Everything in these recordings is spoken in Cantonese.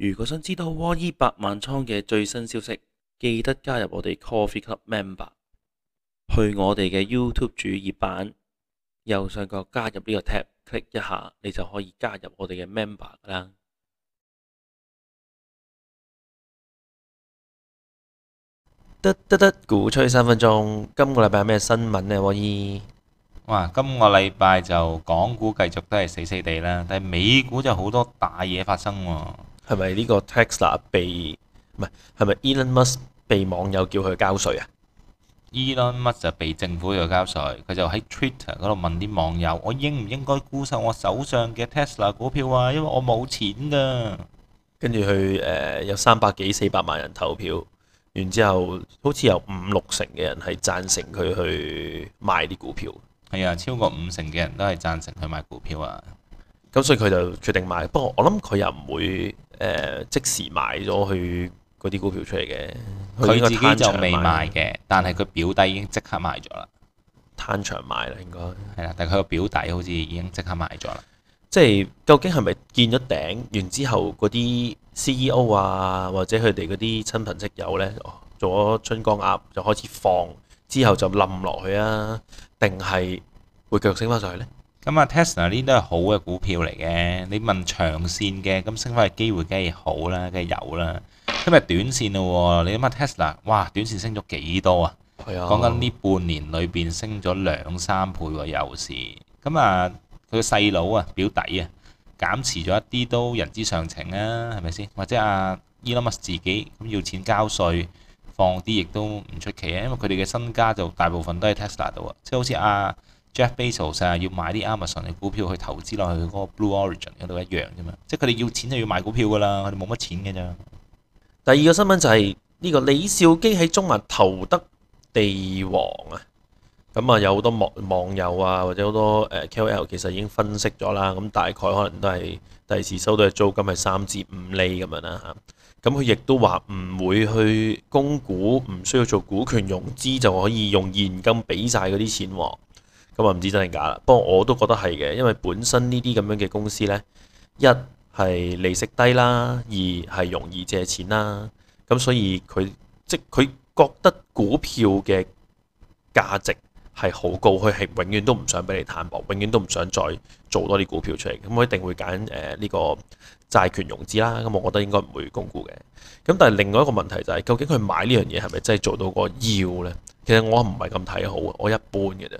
如果想知道沃伊、哦、百萬倉嘅最新消息，記得加入我哋 Coffee Club member。去我哋嘅 YouTube 主頁版右上角加入呢個 tap，click 一下，你就可以加入我哋嘅 member 啦。得得得，股吹三分鐘。今個禮拜咩新聞呢？沃伊哇，今個禮拜就港股繼續都係死死地啦，但係美股就好多大嘢發生啊。係咪呢個 Tesla 被唔係？係咪 Elon Musk 被網友叫佢交稅啊？Elon Musk 就被政府要交稅，佢就喺 Twitter 嗰度問啲網友：我應唔應該沽售我手上嘅 Tesla 股票啊？因為我冇錢㗎。跟住佢誒有三百幾四百萬人投票，然之後好似有五六成嘅人係贊成佢去賣啲股票。係啊，超過五成嘅人都係贊成佢賣股票啊！咁所以佢就決定賣，不過我諗佢又唔會誒、呃、即時買咗去嗰啲股票出嚟嘅。佢、嗯、自己就未賣嘅，但係佢表弟已經即刻賣咗啦。攤場賣啦，應該係啦，但係佢個表弟好似已經即刻賣咗啦。即係究竟係咪見咗頂完之後嗰啲 CEO 啊，或者佢哋嗰啲親朋戚友呢，做咗春光鴨就開始放，之後就冧落去啊？定係會腳升翻上去呢？咁啊、嗯、Tesla 呢啲都係好嘅股票嚟嘅。你問長線嘅，咁升翻嘅機會梗係好啦，梗係有啦。今日短線咯，你諗下 Tesla，哇，短線升咗幾多啊？係啊。講緊呢半年裏邊升咗兩三倍喎、啊，油市。咁、嗯、啊，佢個細佬啊，表弟啊，減持咗一啲都人之常情啊，係咪先？或者阿、啊、Elon Musk 自己咁要錢交稅，放啲亦都唔出奇啊，因為佢哋嘅身家就大部分都喺 Tesla 度啊，即係好似阿。Jeff Bezos 啊，要買啲 Amazon 嘅股票去投資落去佢嗰個 Blue Origin 嗰度一樣啫嘛。即係佢哋要錢就要買股票噶啦，佢哋冇乜錢嘅咋。第二個新聞就係、是、呢、這個李兆基喺中環投得地王啊。咁啊，有好多網網友啊，或者好多誒 KOL 其實已經分析咗啦。咁大概可能都係第二次收到嘅租金係三至五厘咁樣啦。咁佢亦都話唔會去供股，唔需要做股權融資就可以用現金俾晒嗰啲錢喎。咁啊，唔知真定假啦。不過我都覺得係嘅，因為本身呢啲咁樣嘅公司呢，一係利息低啦，二係容易借錢啦。咁所以佢即佢覺得股票嘅價值係好高，佢係永遠都唔想俾你攤薄，永遠都唔想再做多啲股票出嚟。咁我一定會揀誒呢個債權融資啦。咁我覺得應該唔會供股嘅。咁但係另外一個問題就係、是，究竟佢買呢樣嘢係咪真係做到個要呢？其實我唔係咁睇好，我一般嘅啫。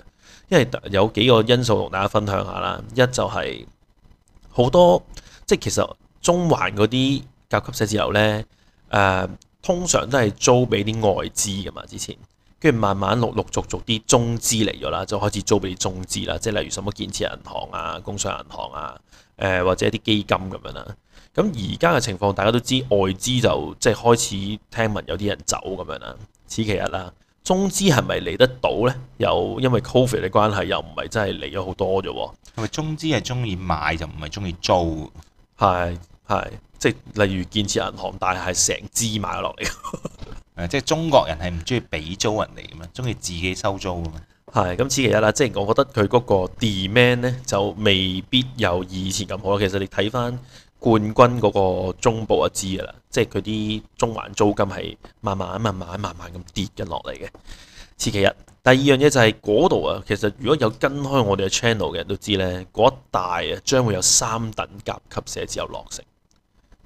因為有幾個因素同大家分享下啦，一就係好多即係其實中環嗰啲甲級寫字樓呢，誒、呃、通常都係租俾啲外資噶嘛，之前跟住慢慢陸陸續續啲中資嚟咗啦，就開始租俾中資啦，即係例如什麼建設銀行啊、工商銀行啊，誒、呃、或者一啲基金咁樣啦。咁而家嘅情況大家都知外資，外資就即係開始聽聞有啲人走咁樣啦，此其一啦。中資係咪嚟得到呢？又因為 Covid 嘅關係，又唔係真係嚟咗好多啫。因為中資係中意買，就唔係中意租。係係，即係例如建設銀行，但係係成支買落嚟。誒、 啊，即係中國人係唔中意俾租人嚟嘅咩？中意自己收租嘅嘛？係咁，此其一啦。即係我覺得佢嗰個 demand 呢，就未必有以前咁好。其實你睇翻。冠軍嗰個中報就知噶啦，即係佢啲中環租金係慢慢慢慢慢慢咁跌緊落嚟嘅。此其一。第二樣嘢就係嗰度啊，其實如果有跟開我哋嘅 channel 嘅人都知咧，嗰一帶啊將會有三等甲級寫字樓落成，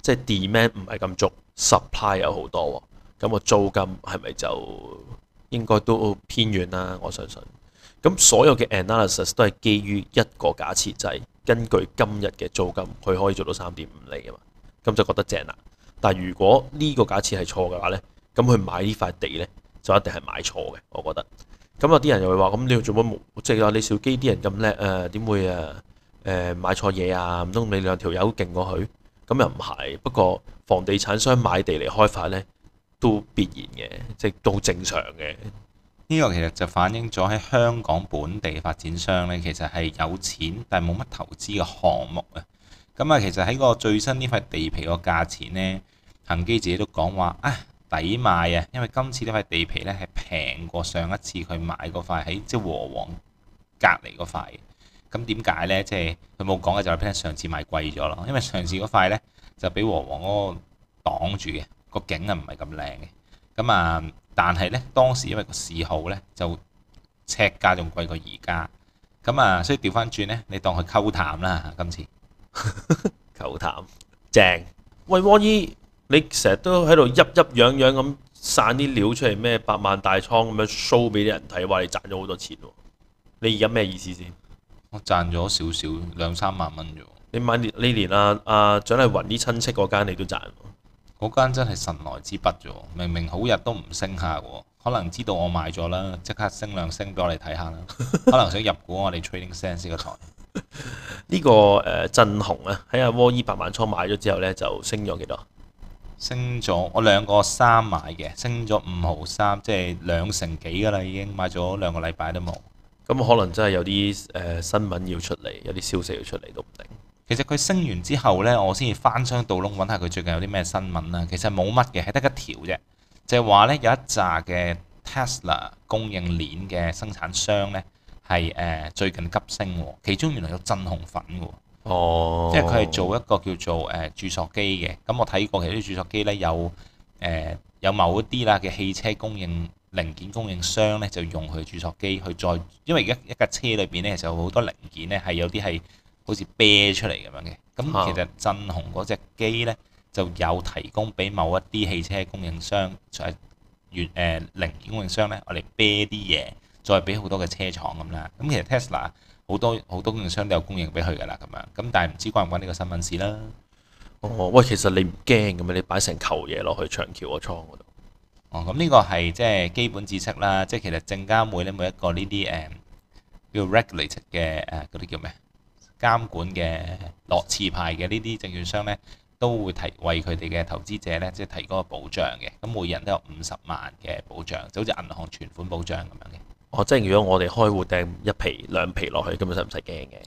即係 demand 唔係咁足，supply 有好多，咁個租金係咪就應該都偏軟啦？我相信。咁所有嘅 analysis 都係基於一個假設，就係根據今日嘅租金，佢可以做到三點五厘啊嘛，咁就覺得正啦。但係如果呢個假設係錯嘅話呢，咁佢買呢塊地呢，就一定係買錯嘅，我覺得。咁有啲人又會話，咁你要做乜冇？即係話李兆基啲人咁叻，呃呃、啊，點會啊？誒買錯嘢啊？唔通你兩條友勁過佢？咁又唔係。不過房地產商買地嚟開發呢，都必然嘅，即係都正常嘅。呢個其實就反映咗喺香港本地發展商呢，其實係有錢但係冇乜投資嘅項目啊！咁、嗯、啊，其實喺個最新呢塊地皮個價錢呢，恆基自己都講話啊，抵買啊！因為今次呢塊地皮呢係平過上一次佢買嗰塊喺即和黃隔離嗰塊。咁點解呢？即係佢冇講嘅就係、是，就是、上次買貴咗咯，因為上次嗰塊呢就俾和黃嗰個擋住嘅，個景啊唔係咁靚嘅。咁、嗯、啊～但係咧，當時因為個市好咧，就尺價仲貴過而家，咁啊，所以調翻轉咧，你當佢溝淡啦，今次溝淡 正。喂，王姨，你成日都喺度鬱鬱癢癢咁散啲料出嚟，咩百萬大倉咁樣 show 俾啲人睇，話你賺咗好多錢喎？你而家咩意思先？我賺咗少少，兩三萬蚊啫。你買，你連啦，阿、啊、蔣麗芸啲親戚嗰間你都賺。嗰間真係神來之筆啫，明明好日都唔升下喎，可能知道我買咗啦，即刻升兩升咗。我睇下啦，可能想入股我哋 Trading Sense 個台。呢、 這個誒震雄呀，喺阿波依百萬初買咗之後呢，就升咗幾多？升咗，我兩個三買嘅，升咗五毫三，即係兩成幾㗎啦，已經買咗兩個禮拜都冇。咁、嗯、可能真係有啲誒、呃、新聞要出嚟，有啲消息要出嚟都唔定。其實佢升完之後呢，我先至翻箱倒籠揾下佢最近有啲咩新聞啦。其實冇乜嘅，係得一條啫，就係話呢，有一紮嘅 Tesla 供應鏈嘅生產商呢，係誒最近急升，其中原來有震雄粉喎。哦，即係佢係做一個叫做誒、呃、注塑機嘅。咁我睇過其實啲注塑機呢，有、呃、誒有某一啲啦嘅汽車供應零件供應商呢，就用佢注塑機去再，因為一一架車裏邊呢，其實有好多零件呢，係有啲係。好似啤出嚟咁樣嘅，咁其實震雄嗰隻機咧，就有提供俾某一啲汽車供應商，原、呃、誒、呃、零件供應商咧，我哋啤啲嘢，再俾好多嘅車廠咁啦。咁其實 Tesla 好多好多供應商都有供應俾佢噶啦，咁樣咁但係唔知關唔關呢個新聞事啦。哦,哦，喂，其實你唔驚嘅咩？你擺成球嘢落去長橋個倉嗰度。哦，咁呢個係即係基本知識啦。即係其實證監會咧每一個呢啲誒叫 regulated 嘅誒嗰啲叫咩？監管嘅落持牌嘅呢啲證券商呢，都會提為佢哋嘅投資者呢，即係提供個保障嘅。咁每人都有五十萬嘅保障，就好似銀行存款保障咁樣嘅。哦，即係如果我哋開戶訂一皮兩皮落去，根本就唔使驚嘅，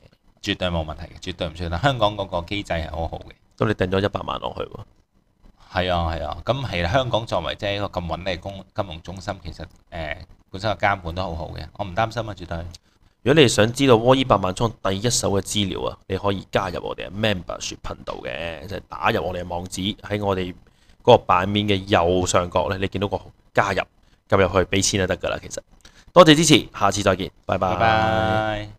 絕對冇問題嘅，絕對唔算。得。香港嗰個機制係好好嘅。咁你訂咗一百萬落去喎？係啊係啊，咁係、啊啊、香港作為即係一個咁穩定嘅金金融中心，其實誒、呃、本身嘅監管都好好嘅，我唔擔心啊，絕對。如果你想知道《窩依百萬倉》第一手嘅資料啊，你可以加入我哋嘅 Membership 頻道嘅，就係打入我哋嘅網址，喺我哋嗰個版面嘅右上角咧，你見到個加入撳入去俾錢就得噶啦。其實多謝支持，下次再見，拜拜。拜拜。